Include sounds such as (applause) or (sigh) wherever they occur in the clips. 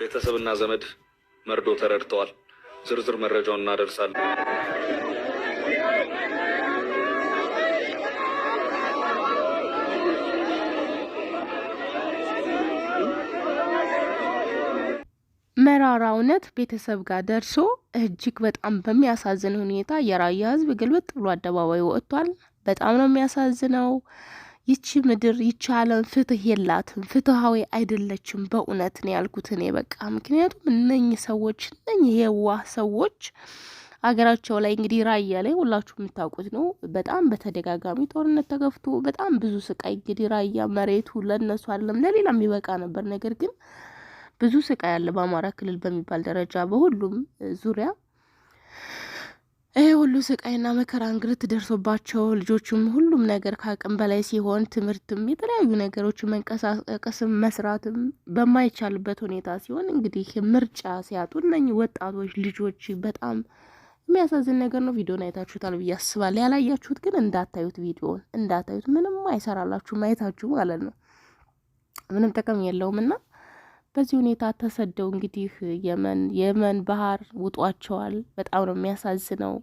ቤተሰብና ዘመድ መርዶ ተረድተዋል። ዝርዝር መረጃውን እናደርሳለን። መራራ እውነት ቤተሰብ ጋር ደርሶ እጅግ በጣም በሚያሳዝን ሁኔታ የራያ ህዝብ ግልብጥ ብሎ አደባባይ ወጥቷል። በጣም ነው የሚያሳዝነው። ይቺ ምድር ይቺ ዓለም ፍትህ የላትም፣ ፍትሃዊ አይደለችም። በእውነት ነው ያልኩት እኔ በቃ ምክንያቱም እነኝህ ሰዎች እነኝህ የዋህ ሰዎች ሀገራቸው ላይ እንግዲህ ራያ ላይ ሁላችሁ የምታውቁት ነው። በጣም በተደጋጋሚ ጦርነት ተከፍቶ በጣም ብዙ ስቃይ እንግዲህ ራያ መሬቱ ለእነሱ አይደለም ለሌላ የሚበቃ ነበር። ነገር ግን ብዙ ስቃይ አለ በአማራ ክልል በሚባል ደረጃ በሁሉም ዙሪያ ሁሉ ስቃይና መከራ እንግልት ደርሶባቸው ልጆቹም ሁሉም ነገር ከአቅም በላይ ሲሆን ትምህርትም የተለያዩ ነገሮች መንቀሳቀስም መስራትም በማይቻልበት ሁኔታ ሲሆን እንግዲህ ምርጫ ሲያጡ እነኚህ ወጣቶች ልጆች በጣም የሚያሳዝን ነገር ነው። ቪዲዮን አይታችሁታል ብዬ አስባለሁ። ያላያችሁት ግን እንዳታዩት፣ ቪዲዮን እንዳታዩት። ምንም አይሰራላችሁ ማየታችሁ ማለት ነው። ምንም ጥቅም የለውም እና በዚህ ሁኔታ ተሰደው እንግዲህ የመን የመን ባህር ውጧቸዋል። በጣም ነው የሚያሳዝነው።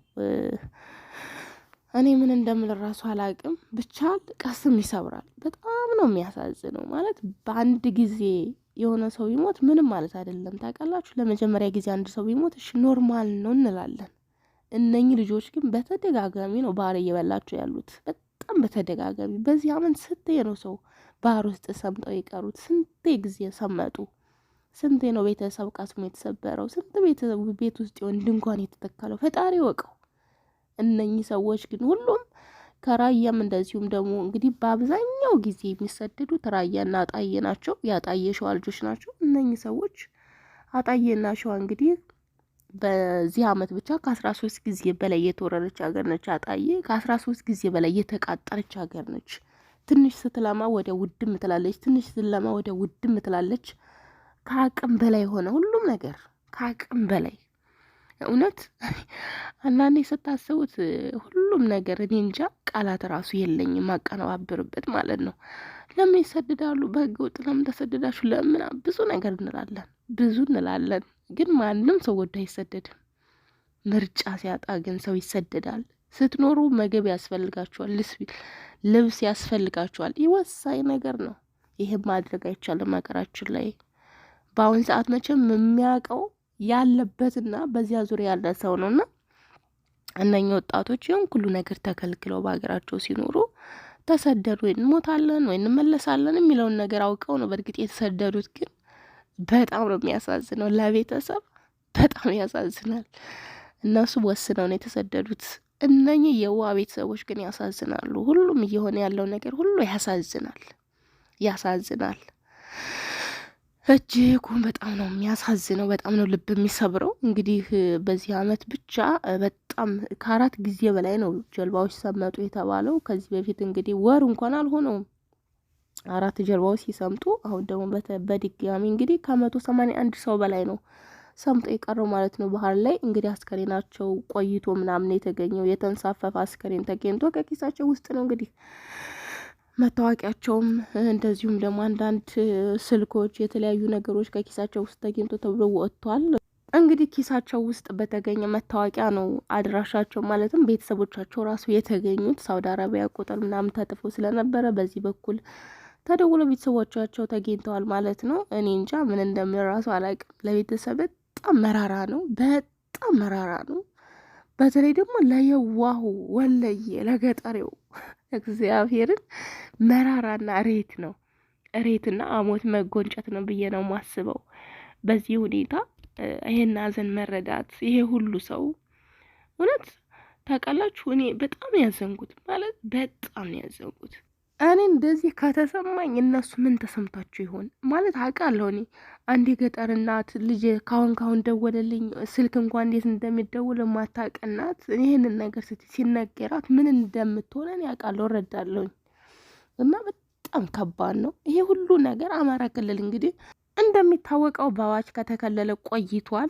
እኔ ምን እንደምል ራሱ አላቅም። ብቻ ቀስም ይሰብራል። በጣም ነው የሚያሳዝነው። ማለት በአንድ ጊዜ የሆነ ሰው ቢሞት ምንም ማለት አይደለም። ታውቃላችሁ፣ ለመጀመሪያ ጊዜ አንድ ሰው ቢሞት እሺ ኖርማል ነው እንላለን። እነኚህ ልጆች ግን በተደጋጋሚ ነው ባህር እየበላቸው ያሉት። በጣም በተደጋጋሚ በዚህ አመት ስንቴ ነው ሰው ባህር ውስጥ ሰምጠው የቀሩት? ስንቴ ጊዜ ሰመጡ? ስንቴ ነው ቤተሰብ ቃስሙ የተሰበረው? ስንት ቤተሰብ ቤት ውስጥ የሆን ድንኳን የተተከለው? ፈጣሪ ወቀው። እነኚህ ሰዎች ግን ሁሉም ከራያም እንደዚሁም ደግሞ እንግዲህ በአብዛኛው ጊዜ የሚሰደዱት ራያና አጣዬ ናቸው። የአጣዬ ሸዋ ልጆች ናቸው እነኚህ ሰዎች። አጣዬና ሸዋ እንግዲህ በዚህ አመት ብቻ ከአስራ ሶስት ጊዜ በላይ የተወረረች ሀገር ነች። አጣዬ ከአስራ ሶስት ጊዜ በላይ የተቃጠረች ሀገር ነች። ትንሽ ስትለማ ወደ ውድም ትላለች። ትንሽ ስትለማ ወደ ውድም ትላለች። ከአቅም በላይ ሆነ ሁሉም ነገር ከአቅም በላይ እውነት (laughs) አንዳንዴ ስታስቡት ሁሉም ነገር እኔ እንጃ ቃላት ራሱ የለኝም የማቀነባብርበት ማለት ነው። ለምን ይሰድዳሉ? በህገ ወጥ ለምን ተሰደዳችሁ? ለምን ብዙ ነገር እንላለን፣ ብዙ እንላለን። ግን ማንም ሰው ወዶ አይሰደድም። ምርጫ ሲያጣ ግን ሰው ይሰደዳል። ስትኖሩ መገብ ያስፈልጋችኋል፣ ልብስ ያስፈልጋችኋል። ይህ ወሳኝ ነገር ነው። ይህም ማድረግ አይቻልም ሀገራችን ላይ በአሁን ሰዓት መቼም የሚያውቀው ያለበትና በዚያ ዙሪያ ያለ ሰው ነውና እነኛ ወጣቶች ይህን ሁሉ ነገር ተከልክለው በሀገራቸው ሲኖሩ ተሰደዱ ወይ እንሞታለን ወይ እንመለሳለን የሚለውን ነገር አውቀው ነው በእርግጥ የተሰደዱት። ግን በጣም ነው የሚያሳዝነው፣ ለቤተሰብ በጣም ያሳዝናል። እነሱ ወስነው ነው የተሰደዱት። እነኚህ የዋ ቤተሰቦች ግን ያሳዝናሉ። ሁሉም እየሆነ ያለው ነገር ሁሉ ያሳዝናል፣ ያሳዝናል። እጅጉን በጣም ነው የሚያሳዝነው። በጣም ነው ልብ የሚሰብረው። እንግዲህ በዚህ አመት ብቻ በጣም ከአራት ጊዜ በላይ ነው ጀልባዎች ሰመጡ የተባለው። ከዚህ በፊት እንግዲህ ወር እንኳን አልሆነውም አራት ጀልባዎች ሲሰምጡ፣ አሁን ደግሞ በድጋሚ እንግዲህ ከመቶ ሰማንያ አንድ ሰው በላይ ነው ሰምጦ የቀረው ማለት ነው ባህር ላይ እንግዲህ አስከሬናቸው ቆይቶ ምናምን የተገኘው የተንሳፈፈ አስከሬን ተገኝቶ ከኪሳቸው ውስጥ ነው እንግዲህ መታወቂያቸውም እንደዚሁም ደግሞ አንዳንድ ስልኮች፣ የተለያዩ ነገሮች ከኪሳቸው ውስጥ ተገኝቶ ተብሎ ወጥቷል። እንግዲህ ኪሳቸው ውስጥ በተገኘ መታወቂያ ነው አድራሻቸው ማለትም ቤተሰቦቻቸው ራሱ የተገኙት ሳውዲ አረቢያ ቁጥር ምናምን ተጥፎ ስለነበረ በዚህ በኩል ተደውሎ ቤተሰቦቻቸው ተገኝተዋል ማለት ነው። እኔ እንጃ ምን እንደምን ራሱ አላውቅም። ለቤተሰብ በጣም መራራ ነው፣ በጣም መራራ ነው። በተለይ ደግሞ ለየዋሁ ወለየ ለገጠሬው እግዚአብሔርን መራራና እሬት ነው። እሬትና አሞት መጎንጨት ነው ብዬ ነው ማስበው። በዚህ ሁኔታ ይሄን አዘን መረዳት ይሄ ሁሉ ሰው እውነት ታውቃላችሁ፣ እኔ በጣም ያዘንጉት ማለት በጣም ያዘንጉት እኔ እንደዚህ ከተሰማኝ እነሱ ምን ተሰምቷቸው ይሆን ማለት አውቃለሁ። እኔ አንድ የገጠር እናት ልጅ ካሁን ካሁን ደወለልኝ ስልክ እንኳን እንዴት እንደሚደውል የማታውቅ እናት ይህንን ነገር ሲነገራት ምን እንደምትሆን እኔ አውቃለሁ፣ እረዳለሁኝ። እና በጣም ከባድ ነው ይሄ ሁሉ ነገር። አማራ ክልል እንግዲህ እንደሚታወቀው በአዋጅ ከተከለለ ቆይቷል።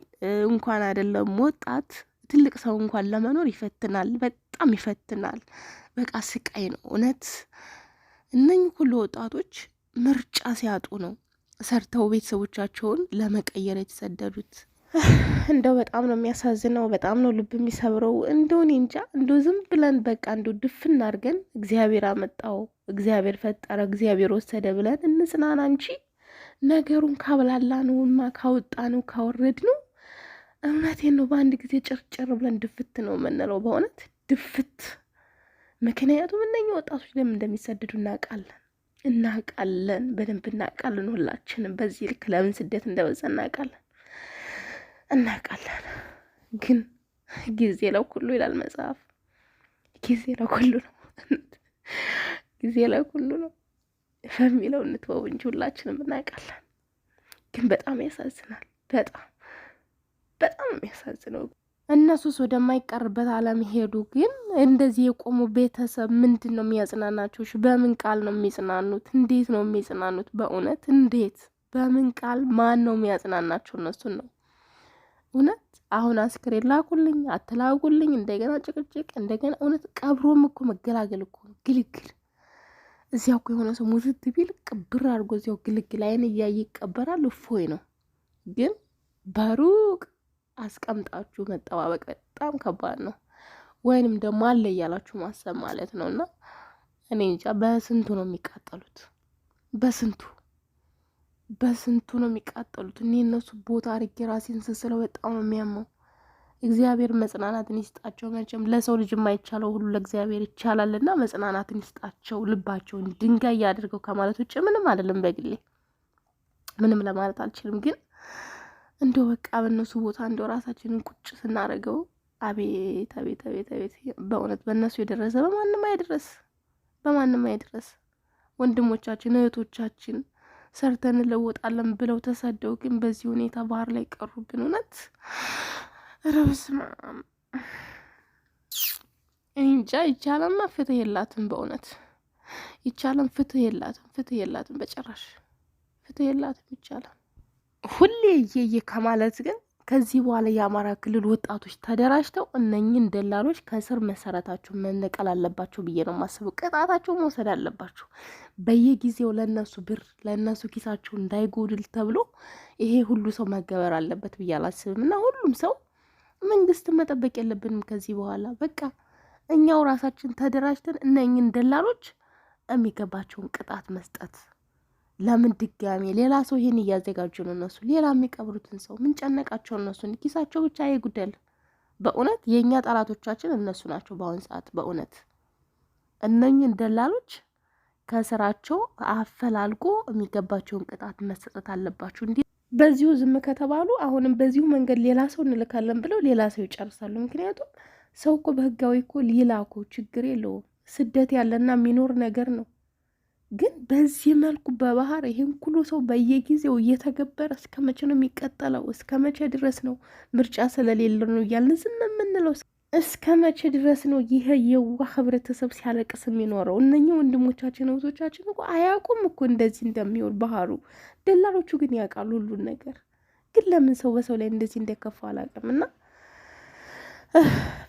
እንኳን አይደለም ወጣት ትልቅ ሰው እንኳን ለመኖር ይፈትናል፣ በጣም ይፈትናል። በቃ ስቃይ ነው እውነት እነኝ ሁሉ ወጣቶች ምርጫ ሲያጡ ነው ሰርተው ቤተሰቦቻቸውን ለመቀየር የተሰደዱት። እንደው በጣም ነው የሚያሳዝነው፣ በጣም ነው ልብ የሚሰብረው። እንደው እኔ እንጃ እንደው ዝም ብለን በቃ እንደው ድፍን አድርገን እግዚአብሔር አመጣው፣ እግዚአብሔር ፈጠረ፣ እግዚአብሔር ወሰደ ብለን እንጽናና እንጂ ነገሩን ካብላላ ነውማ ካወጣ ነው ካወረድ ነው እምነቴን ነው በአንድ ጊዜ ጭርጭር ብለን ድፍት ነው የምንለው። በእውነት ድፍት ምክንያቱም እነኛ ወጣቶች ለምን እንደሚሰደዱ እናውቃለን እናውቃለን በደንብ እናውቃለን። ሁላችንም በዚህ ልክ ለምን ስደት እንደበዛ እናውቃለን እናውቃለን። ግን ጊዜ ለኩሉ ይላል መጽሐፍ። ጊዜ ለኩሉ ነው፣ ጊዜ ለኩሉ ነው በሚለው እንትወው እንጂ ሁላችንም እናውቃለን። ግን በጣም ያሳዝናል። በጣም በጣም የሚያሳዝነው እነሱስ ወደማይቀርበት ዓለም ሄዱ። ግን እንደዚህ የቆሙ ቤተሰብ ምንድን ነው የሚያጽናናቸው? በምን ቃል ነው የሚጽናኑት? እንዴት ነው የሚጽናኑት? በእውነት እንዴት በምን ቃል ማን ነው የሚያጽናናቸው? እነሱን ነው እውነት አሁን አስክሬን ላኩልኝ አትላኩልኝ፣ እንደገና ጭቅጭቅ፣ እንደገና እውነት ቀብሮም እኮ መገላገል እኮ ነው ግልግል። እዚያ እኮ የሆነ ሰው ሙዝት ቢል ቅብር አድርጎ እዚያው ግልግል አይን እያየ ይቀበራል። እፎይ ነው ግን በሩቅ አስቀምጣችሁ መጠባበቅ በጣም ከባድ ነው። ወይንም ደግሞ አለ እያላችሁ ማሰብ ማለት ነው። እና እኔ እንጃ በስንቱ ነው የሚቃጠሉት፣ በስንቱ በስንቱ ነው የሚቃጠሉት። እኔ እነሱ ቦታ አድርጌ ራሴን ስስለው በጣም ነው የሚያመው። እግዚአብሔር መጽናናትን ይስጣቸው። መቼም ለሰው ልጅ የማይቻለው ሁሉ ለእግዚአብሔር ይቻላል እና መጽናናትን ይስጣቸው። ልባቸውን ድንጋይ ያድርገው ከማለት ውጭ ምንም አይደለም። በግሌ ምንም ለማለት አልችልም ግን እንደው በቃ በእነሱ ቦታ እንደው ራሳችንን ቁጭ ስናደርገው አቤት አቤት አቤት አቤት! በእውነት በእነሱ የደረሰ በማንም አይድረስ፣ በማንም አይድረስ። ወንድሞቻችን እህቶቻችን ሰርተን እንለወጣለን ብለው ተሰደው ግን በዚህ ሁኔታ ባህር ላይ ቀሩብን። እውነት ረብስማ እንጃ ይቻላልና ፍትህ የላትም። በእውነት ይቻላል፣ ፍትህ የላትም፣ ፍትህ የላትም፣ በጭራሽ ፍትህ የላትም ይቻላል ሁሌ እየየ ከማለት ግን ከዚህ በኋላ የአማራ ክልል ወጣቶች ተደራጅተው እነኝን ደላሎች ከስር መሰረታቸው መነቀል አለባቸው ብዬ ነው ማስበው ቅጣታቸው መውሰድ አለባቸው። በየጊዜው ለእነሱ ብር ለእነሱ ኪሳቸው እንዳይጎድል ተብሎ ይሄ ሁሉ ሰው መገበር አለበት ብዬ አላስብም እና ሁሉም ሰው መንግስትን መጠበቅ የለብንም ከዚህ በኋላ በቃ እኛው ራሳችን ተደራጅተን እነኝን ደላሎች የሚገባቸውን ቅጣት መስጠት ለምን ድጋሜ ሌላ ሰው ይሄን እያዘጋጁ ነው? እነሱ ሌላ የሚቀብሩትን ሰው ምን ጨነቃቸው? እነሱን ኪሳቸው ብቻ ይጉደል። በእውነት የእኛ ጠላቶቻችን እነሱ ናቸው። በአሁን ሰዓት በእውነት እነኝን ደላሎች ከስራቸው አፈላልጎ የሚገባቸውን ቅጣት መሰጠት አለባቸው። እንዲ በዚሁ ዝም ከተባሉ አሁንም በዚሁ መንገድ ሌላ ሰው እንልካለን ብለው ሌላ ሰው ይጨርሳሉ። ምክንያቱም ሰው እኮ በህጋዊ እኮ ሊላኩ ችግር የለውም። ስደት ያለና የሚኖር ነገር ነው። ግን በዚህ መልኩ በባህር ይህን ሁሉ ሰው በየጊዜው እየተገበረ እስከ መቼ ነው የሚቀጠለው? እስከ መቼ ድረስ ነው ምርጫ ስለሌለ ነው እያልን ዝም የምንለው? እስከ መቼ ድረስ ነው ይህ የዋ ህብረተሰብ ሲያለቅስ የሚኖረው? እነኛ ወንድሞቻችን እህቶቻችን እኮ አያውቁም እኮ እንደዚህ እንደሚሆን ባህሩ። ደላሎቹ ግን ያውቃሉ ሁሉን ነገር። ግን ለምን ሰው በሰው ላይ እንደዚህ እንደከፋ አላውቅም እና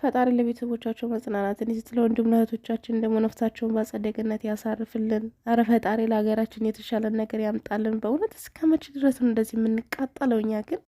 ፈጣሪ ለቤተሰቦቻቸው መጽናናትን ይስጥ። ለወንድም ለእህቶቻችን ደግሞ ነፍሳቸውን በአጸደ ገነት ያሳርፍልን። አረ ፈጣሪ ለሀገራችን የተሻለን ነገር ያምጣልን። በእውነት እስከ መቼ ድረስ ነው እንደዚህ የምንቃጠለው? እኛ ግን